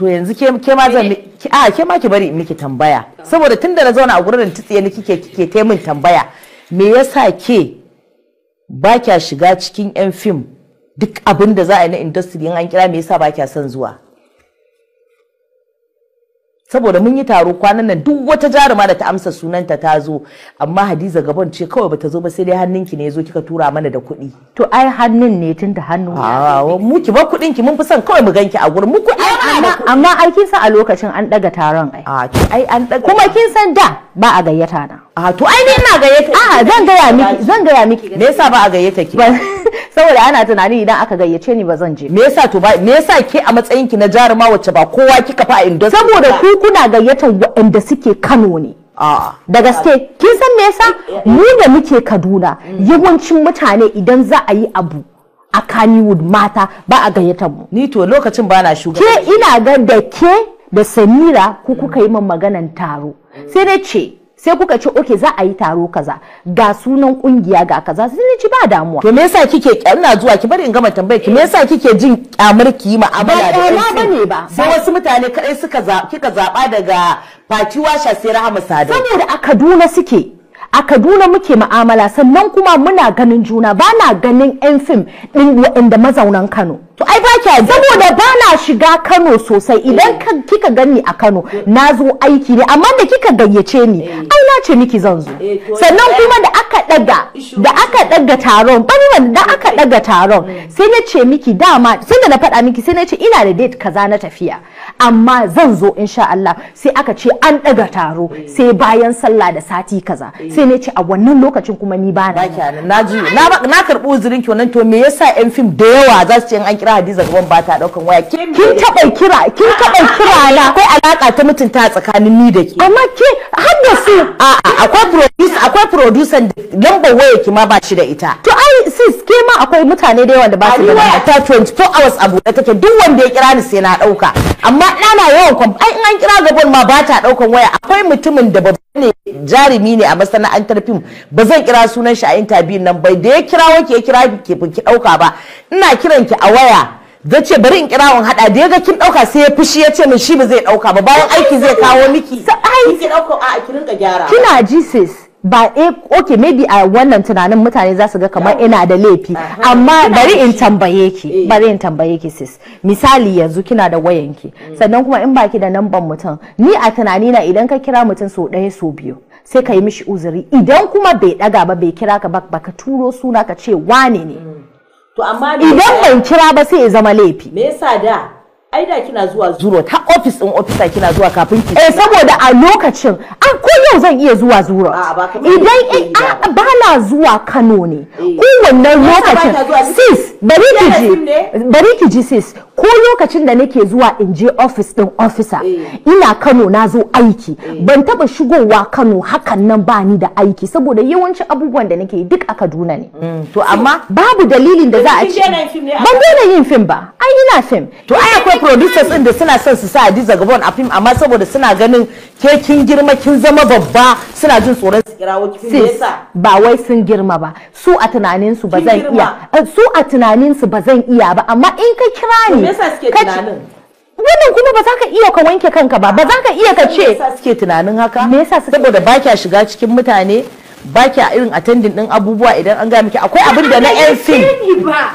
to yanzu ke ma zan a ke ma ki bari in miki tambaya saboda tunda na zauna a gurin tsiye ni kike kike ta min tambaya me yasa ke ba kya shiga cikin yan fim duk abin da za a yi na industry in an kira me yasa ba kya son zuwa saboda mun yi taro kwanan nan duk wata jaruma da ta amsa sunanta ta zo amma hadiza gabon ce kawai bata zo ba sai dai hannunki ne zo kika tura mana da kuɗi to ai hannun ne tun da hannu mu ki ba kuɗin ki mun fi son kawai mu ganki a gurin mu ku amma amma ai kin san a lokacin an daga taron ai a to ai an daga kuma kin san da ba a gayyata na a to ai ni ina gayyata a zan gaya miki zan gaya miki me yasa ba a gayyata ki saboda ana tunani idan aka gayyace ni ba zan je me yasa to me yasa ke a matsayin ki na jaruma wacce ba kowa kika fa industry saboda ku kuna gayyatar waɗanda suke Kano ne da gaske kin san me yasa mu da muke Kaduna yawancin mutane idan za a yi abu a Kannywood mata ba a gayyatar mu ni to lokacin ba na shugaba ke ina ga da ke da Samira ku kuka yi min maganan taro sai dai ce sai kuka ce oke za a yi taro kaza ga sunan kungiya ga kaza sai ci ba damuwa to me yasa kike ina zuwa ki bari in gama tambayar ki me yasa kike jin kyamar ki yi mu'amala da ba ne ba sai wasu mutane kadai suka kika zaba daga Fati Washa sai Rahama saboda a Kaduna suke a kaduna muke ma'amala sannan kuma muna ganin juna ba na ganin 'yan fim ɗin waɗanda mazaunan kano to ai ba kya saboda ba na shiga kano sosai idan kika gani a kano na zo aiki ne amma da kika gayyace ni eh. ai na ce miki zan zo eh, sannan kuma da aka daga da aka daga taron bari da aka daga taron sai na ce miki dama sai da na faɗa miki sai na ce ina da date kaza na tafiya amma zan zo insha Allah sai aka ce an daga taro eh. sai bayan sallah da sati kaza eh. sai na ce a wannan lokacin kuma ni ba na na ji na karbu uzurin ki wannan to me yasa yan fim da yawa za su ce an kira Hadiza gaban ba ta daukan waya kin taɓa kira kin taba kira na akwai alaka ta mutunta tsakanin ni da ke amma ke su akwai producer akwai producer lambar waya ki ma ba shi da ita to ai sis ke ma akwai mutane da yawa da ba su da ta 24 hours a buɗe take duk wanda ya kira ni sai na ɗauka amma ɗana yawan kwam ai in an kira gabon ma ba ta ɗaukan waya akwai mutumin da babba ne jarumi ne a masana'antar fim ba zan kira sunan shi a intabiyun nan bai da ya kira wake ya kira ki ɗauka ba ina kiran ki a waya da ce bari in kira hada da ya ga kin dauka sai ya fushi ya ce min shi ba zai dauka ba bayan aiki zai kawo miki sai ki dauko a ki rinka gyara kina jesus ba eh okay maybe a wannan tunanin mutane za su ga kamar ina da laifi amma bari in tambaye ki eh. bari in tambaye ki sis misali yanzu kina da ki. Mm. sannan kuma in baki da namban mutum ni a tunani na idan ka kira mutum so daya so biyu sai ka yi mishi uzuri idan kuma bai daga ba bai kira ka ba ka turo suna ka ce wane ne mm. To amma idan ban kira ba sai ya zama laifi. Me yasa da ai da kina zuwa zuro ta office din officer kina zuwa kafin ki. Eh saboda a lokacin an ko yau zan iya zuwa zuro. Idan ba na zuwa Kano ne. Eh. Ko wannan lokacin sis bari ki ji bari ki ji sis ko lokacin da nake zuwa in je ofis din ofisa eh. ina kano na zo aiki eh. ban taba shigowa kano hakan nan ba ni da aiki saboda yawanci abubuwan da nake duk a kaduna ne mm. to amma babu dalilin da za a ci ban daina yin fim ba ai ina fim to ai akwai producers din da suna son su sa diza Gabon a fim amma saboda suna ganin ke kin girma kin zama babba suna jin tsoron su kirawo kin ba wai sun girma ba su a tunanin su ba zan iya eh, su a tunanin su ba zan iya ba amma in ka kira ni me yasa suke tunanin wannan kuma ba za ka iya ka wanke kanka ba ba za ka iya ka ce me suke tunanin haka me yasa suke saboda ba kya shiga cikin mutane ba kya irin attending din abubuwa idan an ga miki akwai abin da na NC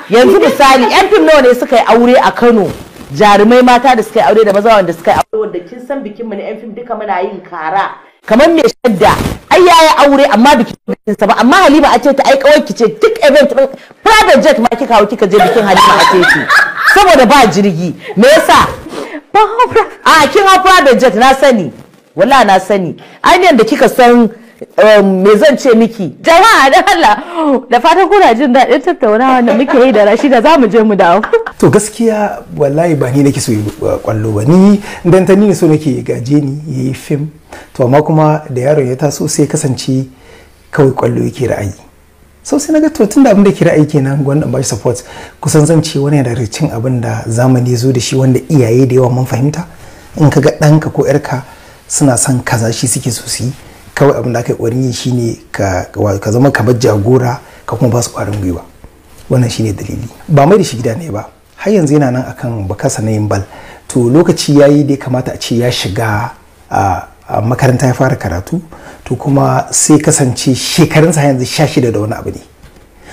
yanzu misali yan fim nawa ne suka yi aure a Kano jarumai mata da suka yi aure da maza wanda suka yi aure wanda kin san bikin mu na yan fim duka muna yin kara kamar me shadda ai yayi aure amma bikin sa ba amma Halima a ce ta ai kawai ki ce duk event private jet ma kika hawo kika je bikin Halima a ce ki saboda ba jirgi me yasa a kin hafura da jet na sani wala na sani ainihin da kika san um, me zan ce miki jama'a da Allah da fatan kuna jin daɗin tattaunawa da muke yi da Rashida za mu je mu dawo to gaskiya wallahi ba ni nake so yi kwallo uh, ba ni dan ta ni so nake gaje ni yayi fim to amma kuma da yaron ya taso sai kasance kawai kwallo yake ra'ayi sau sai ga to da abin da kira aiki nan gwanda ba shi support kusan zan ce wani da cin abin da zamani zo da shi wanda iyaye da yawa mun fahimta in ka ga ɗanka ko yarka suna son kaza shi suke so su yi kawai abin da aka yi ƙwarin yi shi ne ka zama ka bar jagora ka kuma ba su ƙwarin gwiwa wannan shi ne dalili ba mai da shi gida ne ba har yanzu yana nan akan bakasa na yin bal to lokaci yayi da ya kamata a ce ya shiga a a makaranta ya fara karatu to kuma sai kasance shekarunsa yanzu sha shida da wani abu ne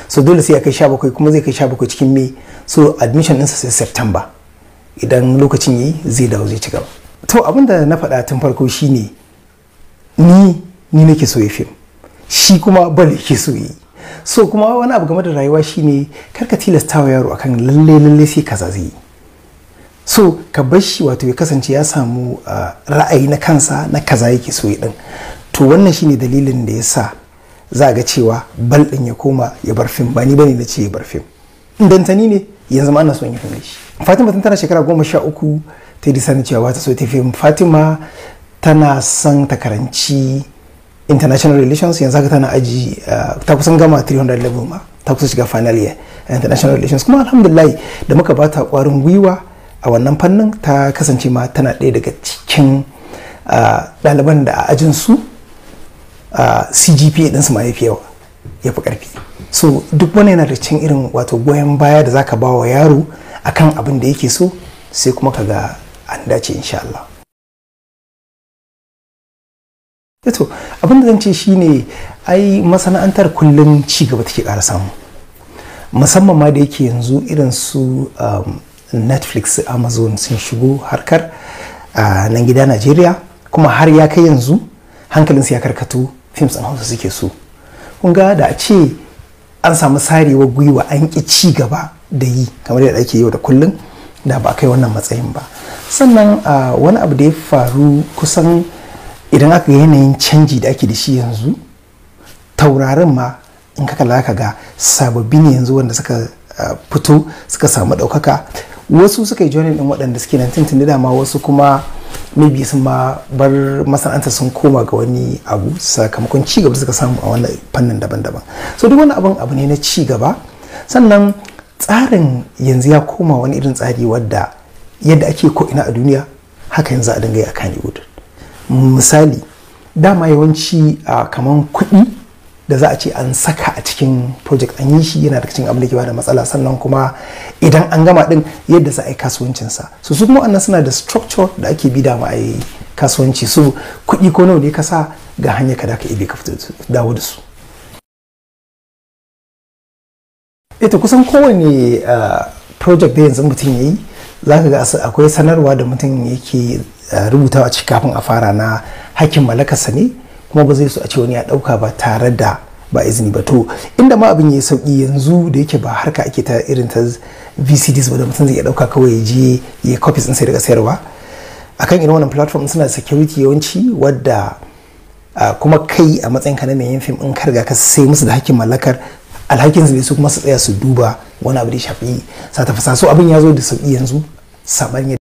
so dole sai ya kai sha bakwai kuma zai kai sha bakwai cikin mai so admission ɗinsa sai september idan lokacin yi zai dawo zai ci gaba to abin da na faɗa tun farko shine ni ni nake so ya fim shi kuma bal ke so yi so kuma wani abu game da rayuwa shi shine karka tilastawa yaro akan lalle lalle sai kaza zai yi so ka bar shi wato ya kasance ya samu ah, ra'ayi na kansa na kaza yake so din to wannan shine dalilin da ya sa za ga cewa bal din ya koma ya bar fim ba ni bane na ce ya bar fim dantani ne yanzu ma ana son ya fim shi fatima tana shekara goma sha uku ta yi sani cewa ta so ta fim fatima tana son ta karanci international relations yanzu haka tana aji ah, ta kusan gama 300 level ma ta kusa shiga final year international relations kuma alhamdulillah da muka bata kwarin gwiwa a wannan fannin ta kasance ma tana ɗaya daga cikin ɗaliban da a ajinsu cgpa ɗinsu ma ya fi yawa ya fi ƙarfi so duk wani yana da cikin irin wato goyon baya da zaka ba wa yaro akan abin da yake so sai kuma ka ga an dace insha Allah eh abin da zan ce shine ai masana'antar kullum ci gaba take ƙara samu musamman ma da yake yanzu irin su um, netflix amazon sun shigo harkar a nan gida najeriya kuma har ya kai yanzu hankalinsu ya karkatu films in hausa suke so kun ga da a ce an samu sarewa gwiwa an ƙi ci gaba da yi kamar yadda ake yau da kullum da ba kai wannan matsayin ba sannan wani abu da ya faru kusan idan aka ga yanayin canji da ake da shi yanzu taurarin ma in ka kalla ka ga sababbi ne yanzu wanda suka fito suka samu ɗaukaka wasu suka yi joinin din waɗanda suke nan tuntuni dama wasu kuma maybe sun ma bar masana'anta sun koma ga wani abu sakamakon ci gaba suka samu a wannan fannin daban-daban so duk wani abin abu ne na ci gaba sannan tsarin yanzu ya koma wani irin tsari wadda yadda ake ko ina a duniya haka yanzu a dinga yi a Kannywood misali dama yawanci a ah, kaman kuɗi da za a ce an saka a cikin project an yi shi yana da cikin abin da ke da matsala sannan kuma idan an gama din yadda za a yi kasuwancin sa su su kuma annan suna da structure da ake bi da ma a kasuwanci su kuɗi ko nawa ne ka sa ga hanyar ka da ka ibe ka dawo da su ita kusan kowane ah, project da yanzu mutum ya yi za ka ga akwai sanarwa da mutum yake ah, rubutawa a kafin a fara na hakkin malakarsa ne kuma ba zai so a ce wani ya dauka ba tare da ba izini ba to inda ma abin yayi sauki yanzu da yake ba harka ake ta irin ta VCDs ba da mutum zai iya dauka kawai ya je ya copies din sai daga sayarwa akan irin wannan platform suna da security yawanci wadda kuma kai a matsayin ka na mai yin fim in karga ka sai musu da hakkin mallakar alhakin su ne su kuma su tsaya su duba wani abu da ya shafi sa ta fasa so abin ya zo da sauki yanzu saban